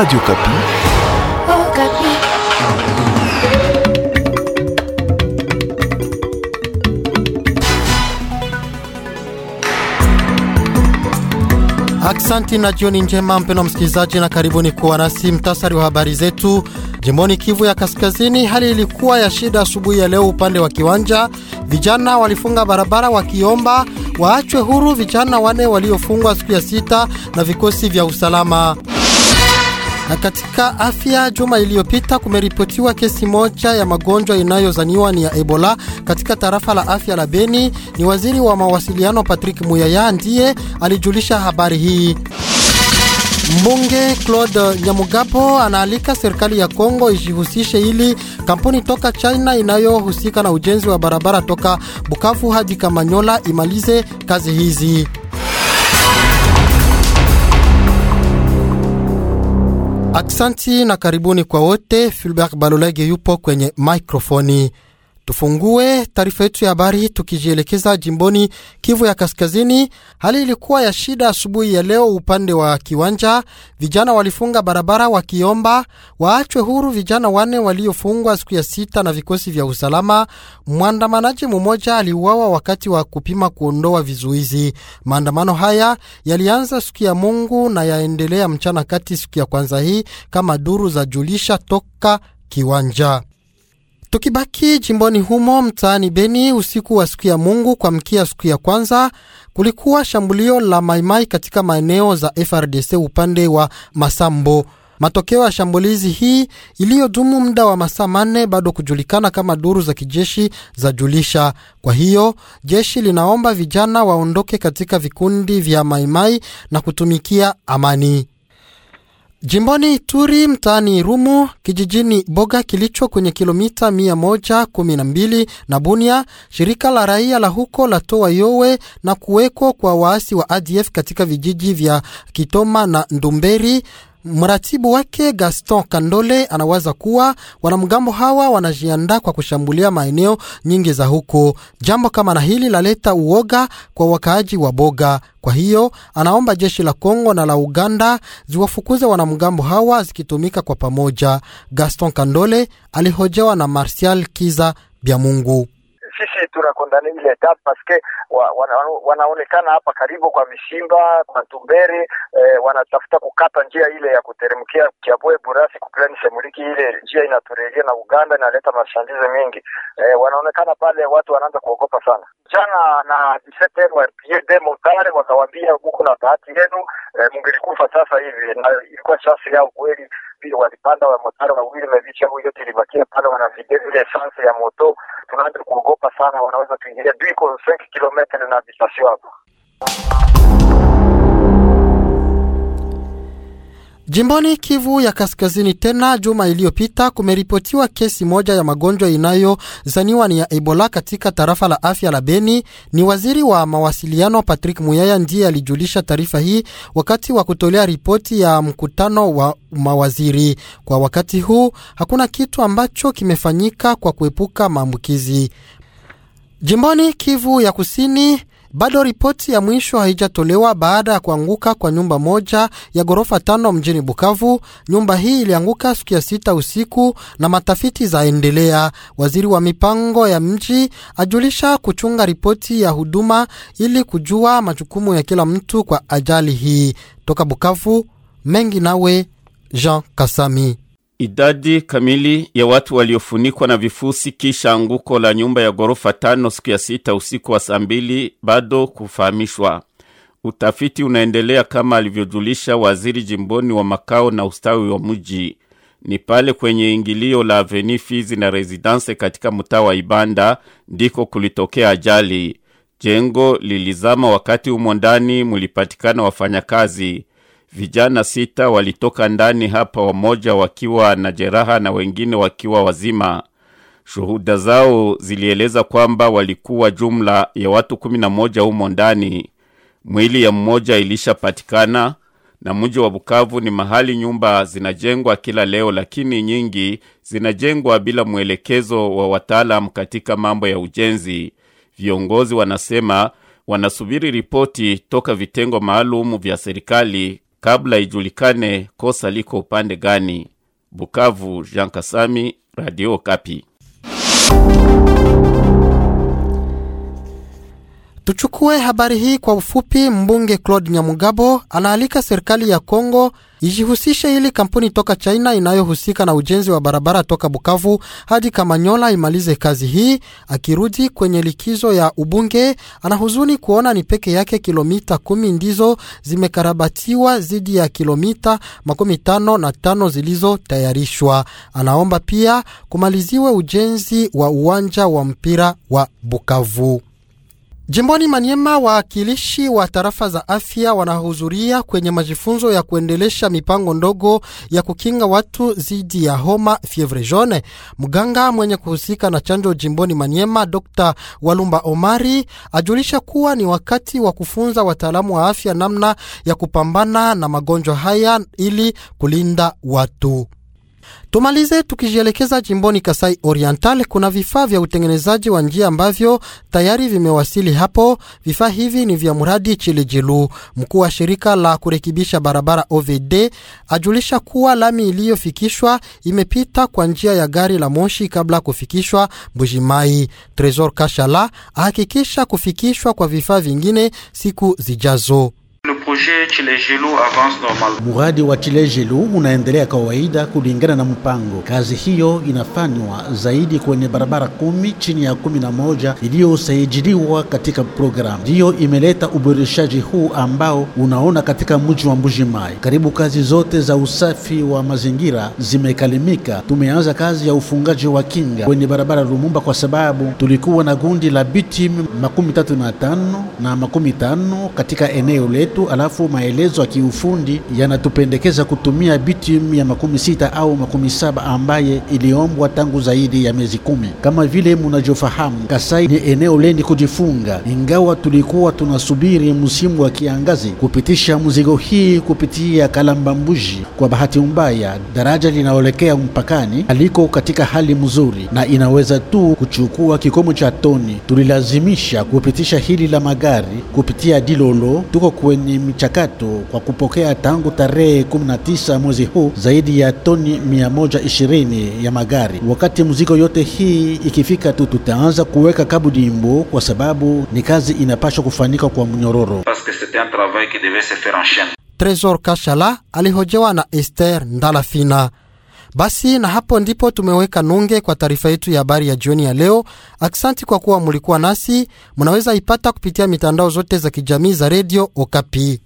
Radio Kapi. Oh, Kapi. Aksanti na jioni njema mpeno msikilizaji, na karibuni kuwa nasi. Mtasari wa habari zetu Jimboni Kivu ya Kaskazini, hali ilikuwa ya shida asubuhi ya leo upande wa Kiwanja. Vijana walifunga barabara wakiomba waachwe huru vijana wane waliofungwa siku ya sita na vikosi vya usalama. Na katika afya, juma iliyopita kumeripotiwa kesi moja ya magonjwa inayozaniwa ni ya Ebola katika tarafa la afya la Beni. Ni waziri wa mawasiliano Patrick Muyaya ndiye alijulisha habari hii. Mbunge Claude Nyamugabo anaalika serikali ya Kongo ijihusishe ili kampuni toka China inayohusika na ujenzi wa barabara toka Bukavu hadi Kamanyola imalize kazi hizi. Aksanti na karibuni kwa wote. Fulbert Balolege yupo kwenye maikrofoni. Tufungue taarifa yetu ya habari tukijielekeza jimboni Kivu ya Kaskazini. Hali ilikuwa ya shida asubuhi ya leo upande wa Kiwanja. Vijana walifunga barabara wakiomba waachwe huru vijana wanne waliofungwa siku ya sita na vikosi vya usalama. Mwandamanaji mmoja aliuawa wakati wa kupima kuondoa vizuizi. Maandamano haya yalianza siku ya Mungu na yaendelea mchana kati siku ya kwanza hii, kama duru za julisha toka Kiwanja. Tukibaki jimboni humo mtaani Beni, usiku wa siku ya Mungu kuamkia siku ya kwanza, kulikuwa shambulio la maimai katika maeneo za FRDC upande wa Masambo. Matokeo ya shambulizi hii iliyodumu muda wa masaa manne bado kujulikana kama duru za kijeshi za julisha. Kwa hiyo jeshi linaomba vijana waondoke katika vikundi vya maimai na kutumikia amani. Jimboni Turi mtaani Rumu kijijini Boga kilicho kwenye kilomita 112 na Bunia, shirika la raia la huko la toa yowe na kuwekwa kwa waasi wa ADF katika vijiji vya Kitoma na Ndumberi Mratibu wake Gaston Kandole anawaza kuwa wanamgambo hawa wanajiandaa kwa kushambulia maeneo nyingi za huko, jambo kama na hili laleta uoga kwa wakaaji wa Boga. Kwa hiyo anaomba jeshi la Kongo na la Uganda ziwafukuze wanamgambo hawa zikitumika kwa pamoja. Gaston Kandole alihojewa na Martial Kiza Bya Mungu sisi tunakondana ile etape paske wa, wana, wanaonekana hapa karibu kwa Mishimba kwa tumberi eh, wanatafuta kukata njia ile ya kuteremkia Kiabwe Burasi kuplani Semuliki. Ile njia inaturejea na Uganda inaleta mashandizi mingi eh, wanaonekana pale watu wanaanza kuogopa sana. Jana na motare wakawambia, huko na bahati yenu eh, mngelikufa sasa hivi, na ilikuwa sasa yao kweli pili walipanda wamotari wawili mevicha huyo yote ilibakia pale, wana vile sanse ya moto. Tunaanza kuogopa sana, wanaweza tuingilia duiko 5 km na visasio hapa Jimboni Kivu ya Kaskazini, tena juma iliyopita kumeripotiwa kesi moja ya magonjwa inayozaniwa ni ya Ebola katika tarafa la afya la Beni. Ni waziri wa mawasiliano Patrick Muyaya ndiye alijulisha taarifa hii wakati wa kutolea ripoti ya mkutano wa mawaziri. Kwa wakati huu hakuna kitu ambacho kimefanyika kwa kuepuka maambukizi. Jimboni Kivu ya Kusini bado ripoti ya mwisho haijatolewa baada ya kuanguka kwa nyumba moja ya ghorofa tano mjini Bukavu. Nyumba hii ilianguka siku ya sita usiku na matafiti zaendelea. Waziri wa mipango ya mji ajulisha kuchunga ripoti ya huduma ili kujua majukumu ya kila mtu kwa ajali hii. Toka Bukavu, mengi nawe Jean Kasami. Idadi kamili ya watu waliofunikwa na vifusi kisha anguko la nyumba ya ghorofa tano siku ya sita usiku wa saa mbili bado kufahamishwa. Utafiti unaendelea kama alivyojulisha waziri jimboni wa makao na ustawi wa mji. Ni pale kwenye ingilio la Avenue Fizi na Residence katika mtaa wa Ibanda ndiko kulitokea ajali. Jengo lilizama wakati humo ndani mulipatikana wafanyakazi. Vijana sita walitoka ndani hapa, wamoja wakiwa na jeraha na wengine wakiwa wazima. Shuhuda zao zilieleza kwamba walikuwa jumla ya watu kumi na moja humo ndani. Mwili ya mmoja ilishapatikana, na mji wa Bukavu ni mahali nyumba zinajengwa kila leo, lakini nyingi zinajengwa bila mwelekezo wa wataalamu katika mambo ya ujenzi. Viongozi wanasema wanasubiri ripoti toka vitengo maalum vya serikali kabla ijulikane kosa liko upande gani. Bukavu, Jean Kasami, Radio Kapi. Tuchukue habari hii kwa ufupi. Mbunge Claude Nyamugabo anaalika serikali ya Kongo ijihusishe ili kampuni toka China inayohusika na ujenzi wa barabara toka Bukavu hadi Kamanyola imalize kazi hii. Akirudi kwenye likizo ya ubunge, anahuzuni kuona ni peke yake kilomita kumi ndizo zimekarabatiwa zidi ya kilomita makumi tano na tano zilizotayarishwa. Anaomba pia kumaliziwe ujenzi wa uwanja wa mpira wa Bukavu. Jimboni Maniema, waakilishi wa tarafa za afya wanahudhuria kwenye majifunzo ya kuendelesha mipango ndogo ya kukinga watu dhidi ya homa fievre jaune. Mganga mwenye kuhusika na chanjo jimboni Maniema, Dr Walumba Omari, ajulisha kuwa ni wakati wa kufunza wataalamu wa afya namna ya kupambana na magonjwa haya ili kulinda watu. Tumalize tukijielekeza jimboni Kasai Oriental. Kuna vifaa vya utengenezaji wa njia ambavyo tayari vimewasili hapo. Vifaa hivi ni vya mradi Chilijilu. Mkuu wa shirika la kurekebisha barabara OVD ajulisha kuwa lami iliyofikishwa imepita kwa njia ya gari la moshi kabla kufikishwa Mbujimai. Tresor Kashala ahakikisha kufikishwa kwa vifaa vingine siku zijazo projet Chilejelo avance normal. Muradi wa chilejelu unaendelea kawaida kulingana na mpango. Kazi hiyo inafanywa zaidi kwenye barabara kumi chini ya kumi na moja iliyosajiliwa katika programu. Ndiyo imeleta uboreshaji huu ambao unaona katika mji wa Mbuji Mai. Karibu kazi zote za usafi wa mazingira zimekalimika. Tumeanza kazi ya ufungaji wa kinga kwenye barabara Lumumba kwa sababu tulikuwa na gundi la bitim makumi tatu na tano na makumi tano katika eneo letu alafu maelezo ya kiufundi yanatupendekeza kutumia bitum ya makumi sita au makumi saba ambaye iliombwa tangu zaidi ya miezi kumi. Kama vile munavyofahamu, Kasai ni eneo lenye kujifunga, ingawa tulikuwa tunasubiri msimu wa kiangazi kupitisha mzigo hii kupitia Mbuji. Kwa bahati mbaya, daraja linaolekea mpakani aliko katika hali mzuri na inaweza tu kuchukua kikomo cha toni. Tulilazimisha kupitisha hili la magari kupitia Dilolo. Tuko kwenye michakato kwa kupokea tangu tarehe 19 mwezi huu zaidi ya toni 120 ya magari. Wakati mzigo yote hii ikifika tu, tutaanza kuweka kabu dimbo, kwa sababu ni kazi inapaswa kufanyika kwa mnyororo. Tresor Kashala alihojewa na Esther Ndalafina. Basi na hapo ndipo tumeweka nunge kwa taarifa yetu ya habari ya jioni ya leo. Aksanti kwa kuwa mulikuwa nasi, munaweza ipata kupitia mitandao zote za kijamii za redio Okapi.